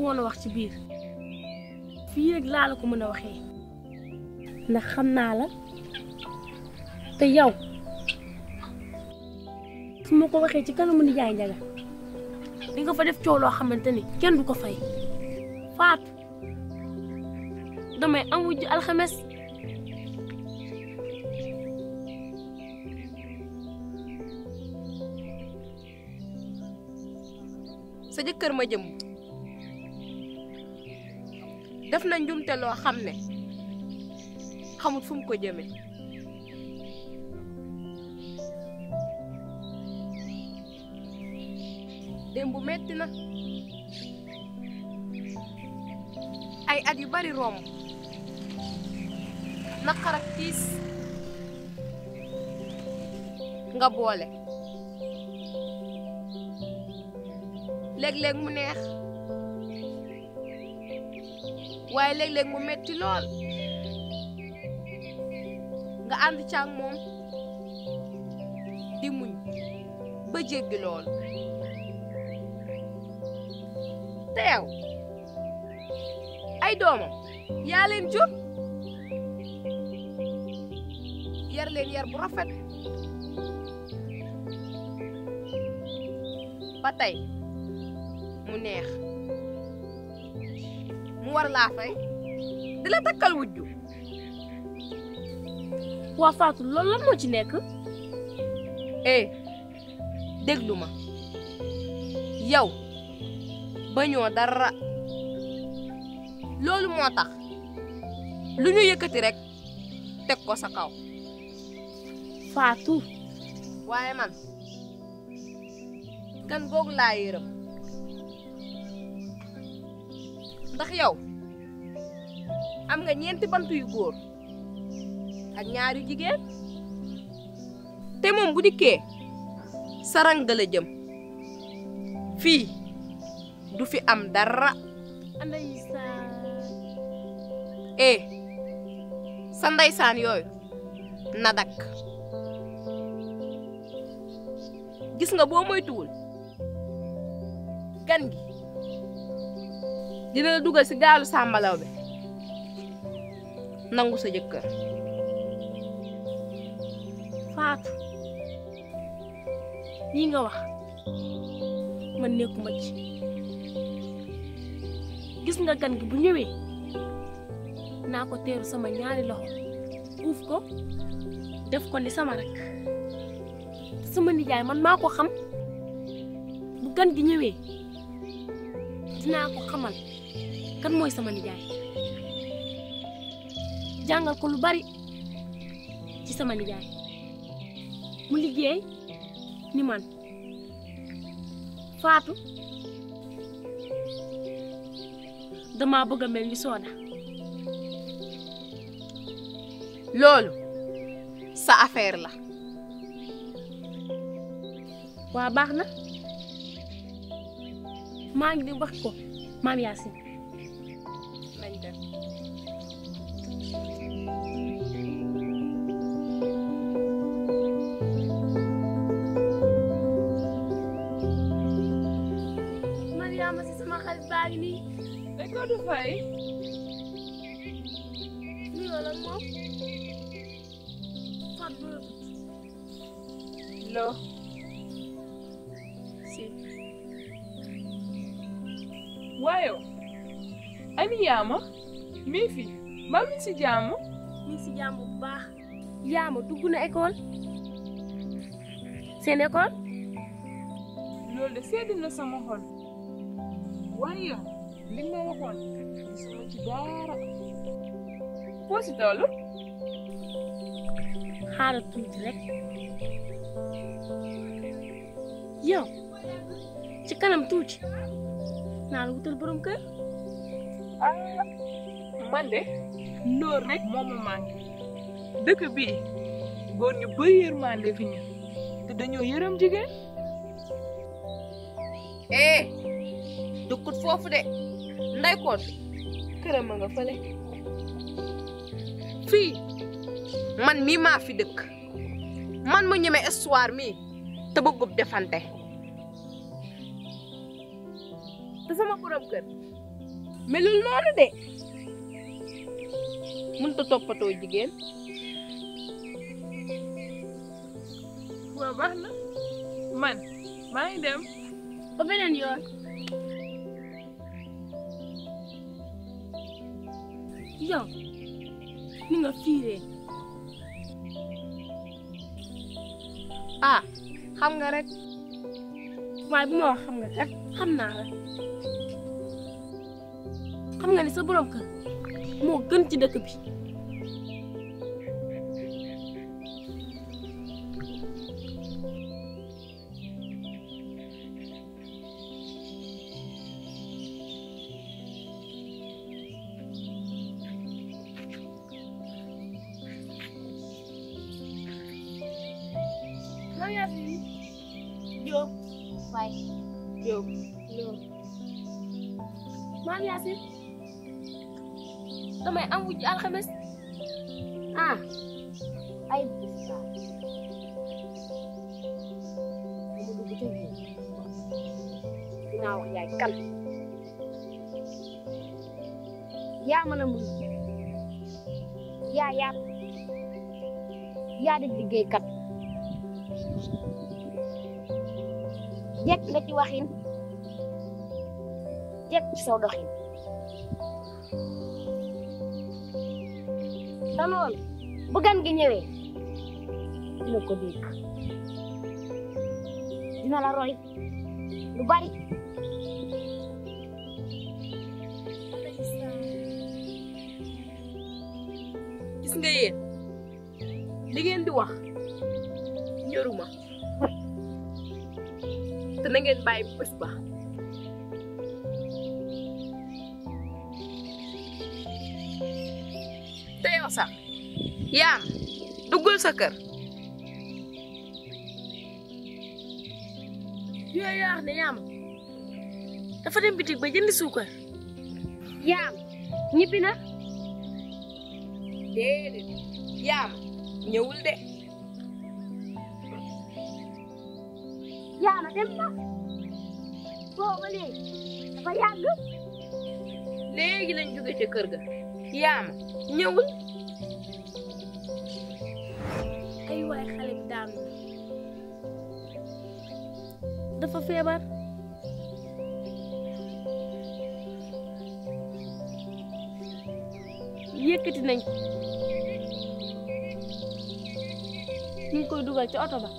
la ko wax ci biir fii rek laa la ko mën a waxee ndax xam naa la te yow su ma ko waxee ci kanamu nijaay njaga di fa def coow loo xamante ni kenn du ko fay faat damay am wujj alxames sa jëkkër ma jëm def na njumte loo xam ne xamut fu mu ko jëme démb metti na ay at yu bari romb naqar ak nga boole léeg-léeg mu neex waaye léeg-léeg mu metti lool nga ànd ci moom di muñ ba jéggi lool te ay doomam yaa leen jur yar yar bu rafet ba tey mu neex mu war laa fay di la takkal wujju waa Fatou loolu lan moo ci nekk eh déglu ma yow bañoo loolu moo tax lu ñu yëkkati rek teg ko sakaw kaw waaye man gan googu laa yërëm ndax yow am nga ñenti bantu yu goor ak ñaar yu jigéen te mom bu sarang da la jëm fi du fi am dara ndeysaan eh sa ndeysaan nadak, gis nga bo moytuul gan gi dina la dugal si gaalu sàmbalaw bi nangu sa jëkkër faatu lii nga wax man nekkuma ci gis nga gan gi bu ñëwee naa ko teeru sama ñaari loxo uuf ko def ko ni sama rek sama nijaay man maa ko xam bu gan gi ñëwee naa ko xamal kan moy sama nijaay jangal ko lu bari ci sama nijaay mu liggéey ni man faatu dama bëgg mel ni sooda loolu sa affaire la waa baax na ngi di wax ko maam Dubai ñu ne la moom Fatou Ndola tudd. Lo si. waaye ani yaama fi ba mi si jàmm. mi si jàmm bu yaama dugg na école. seen école. loolu de sedd na sama xol waaye. Ding ma waxoon gis ma ci dara foo si toll xaaral tuuti rek yow ci ah mande. de loolu rek moo ma manqué dëkk bii góor ñu bëri juga? eh dukut foofu de nday koot këram a nga fële fii man mii maa fi dëkk man mu ñeme histoire mii te bëggub defante te sama borom kër melul noonu de mënut a toppatoo jigéen waaw baax man maa ngi dem ba beneen yoon yow ni nga fiiree ah xam nga rek waaye bu ma xam nga kat xam naa xam nga ni sa borom kër moo gën ci dëkk bi menawarkan ia menembus ia ya ia ya. di liggéeykat jekk nga ci waxin jekk ci saw doxin te loolu bu gan gi ñëwee dina ko dina la roy lu bari Ningin baik wis bah. Teo sa. Yang dugul saker. Ya ya ne yam. Dafa dem bitik ba jënd suukar. Yam ñibina dede Yam ñewul de. jaara dem na booba léegi dafa yàgg léegi lañ jóge ca kër ga yaama ñëwul ay waay xale bi dafa feebar yëkkati nañ ñu ngi koy dugal ca oto ba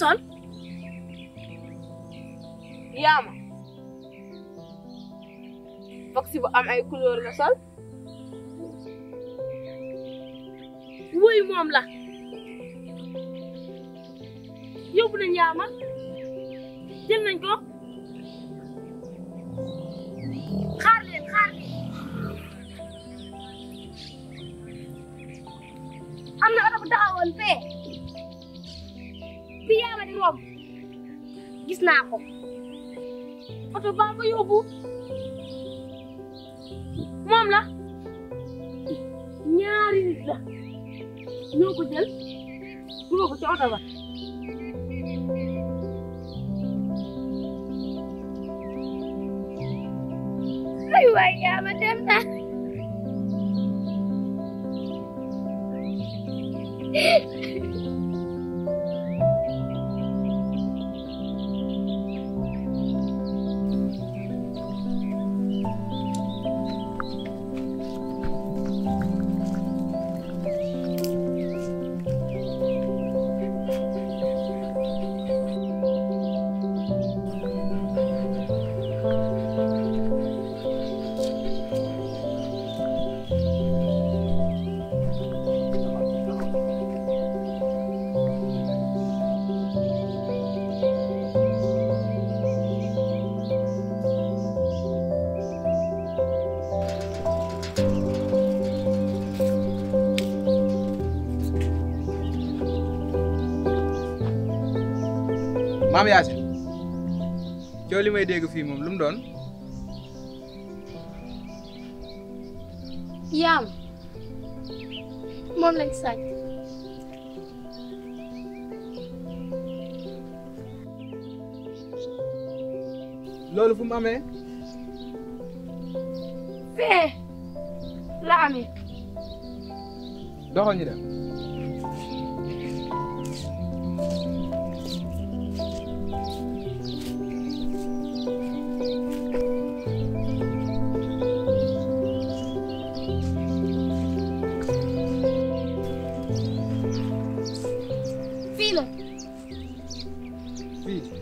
sol yaama boksi bu am ay couleur la sol wuy moom la yóbbu nañ yaama jël nañ ko xaar leen xaar leen am na oto bu taxawoon fee gis naa ko oto baa ma la ñaari nit la ñoo jël dugal ko ba ay yaa ma dem na maam Yaasin coow li may dégg fii moom lu mu doon. yaam moom lañ sàcc. loolu fu mu fee la amee. doxal filha. Filha.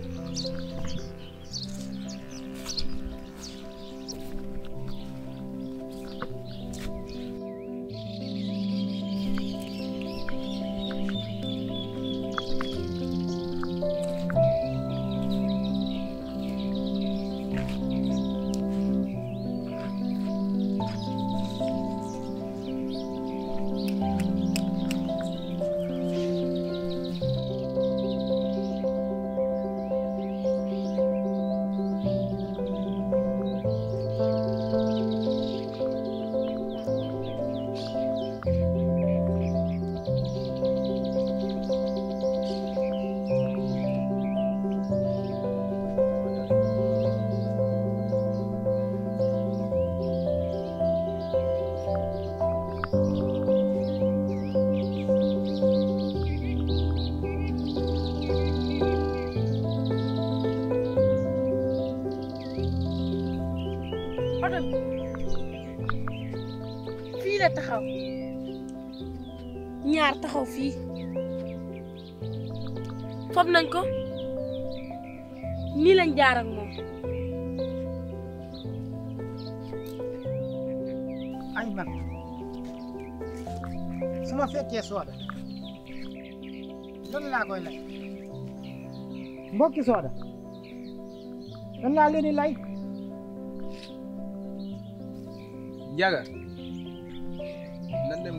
taxaw fii fob nañ ko nii lañ jaar ak ay man su ma fekkee sooda lan laa koy lay mbokki sooda lan laa leen di lay. jaga nan dem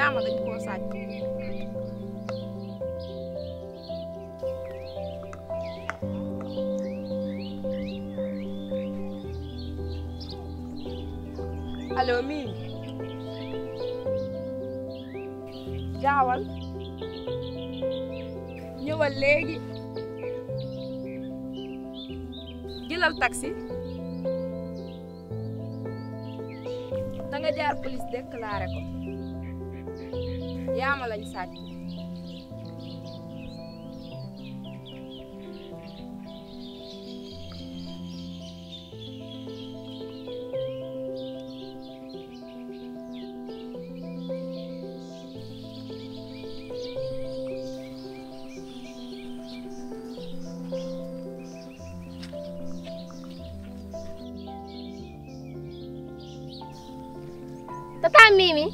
jaama dañ koo sàcc allo mi gaawal ñëwal léegi jëlal taxi jaar police déclaré ko Andiamo alla Isacchi. Mimi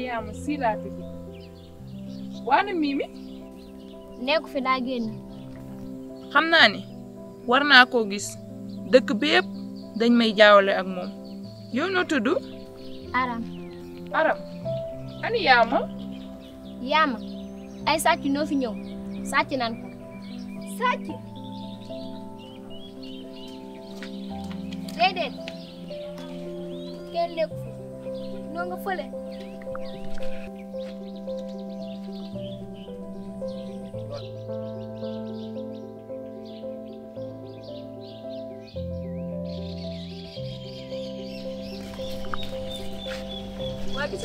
Mariama sii laa waa na Mimi. nekku fi daa génn. xam naa ni war naa koo gis dëkk bi yëpp dañ may jaawale ak moom yow noo tudd. Aram. Aram ani Yaama. Yaama ay sàcc noo ñëw sàcc nan ko. sàcc. kenn nekku noo nga fële.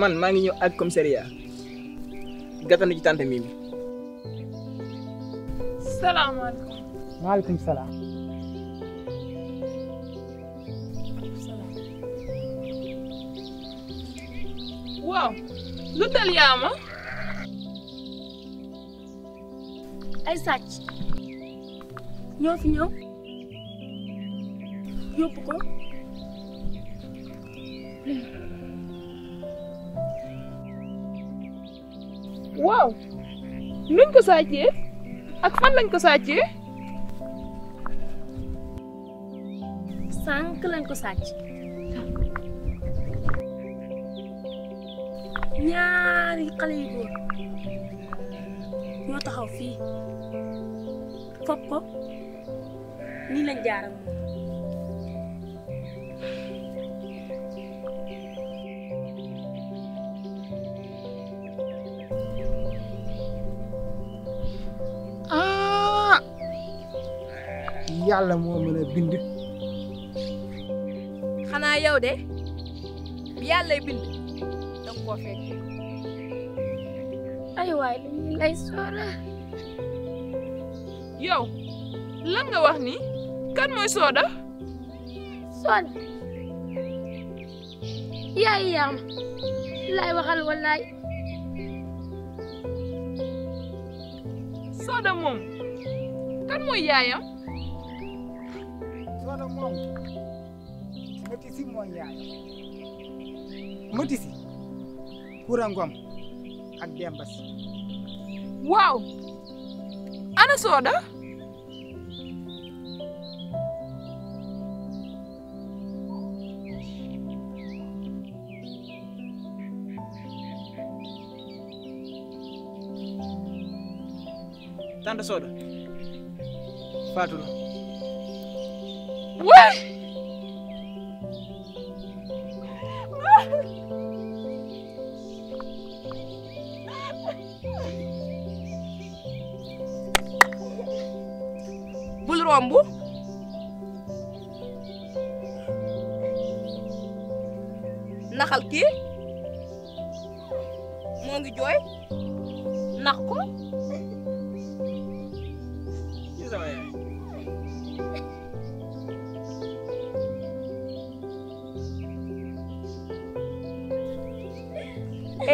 man maa ngi ñëw ak commissariat gàttanu ci tante Mimi. salaamaaleykum. maaleykum salaam. waaw. lu tal ay sàcc. ñoo fi ñëw. yóbbu ko. waaw nuñ ko sàccee ak fan lañ ko sàccee. sànq lañ ko sàcc. ñaari xale yu góor ñoo taxaw fii fopp ko nii la jaaram yàlla moo mën a bind. xanaa yow de bi yàlla bind da nga koo fekk. ay waay dañu lay lan nga wax ni kan mooy Soda. Soda yaay yaam waxal wallaay. Soda moom kan mooy yaayam. wala moom Matisi mooy yaayam Matisi Koura Ngom ak Demba waaw ana Soda tante Soda faatu na Ouais bul romb naxal kii moo ngi jooy nax ko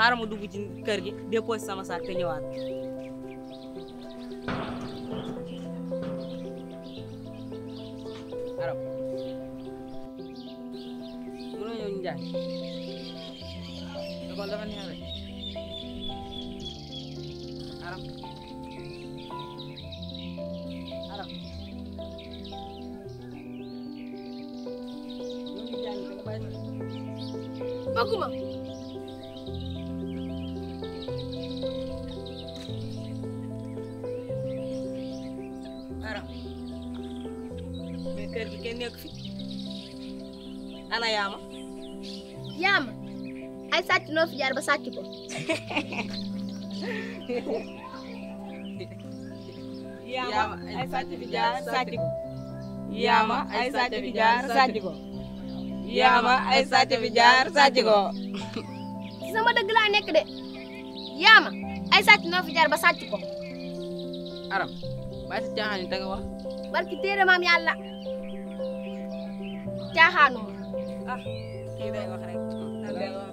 xaaral mu dugg ci kër gi déposé sama saak té ñëwaat arab mu ñu ñu jaay da ko la neex rek arab Aku Makuma. ana yaama yaama ay sàcc noo fi jaar ba sàcc ko yaama ay sàcc fi jaar sàcc ko yaama ay sàcc fi jaar sàcc ko yaama ay sàcc fi jaar sàcc ko ci sama dëgg laa nekk de yaama ay sàcc noo fi jaar ba sàcc ko aram baa si caaxaan yi danga wax barki téere maam yàlla caaxaanuma ah kii day wax rek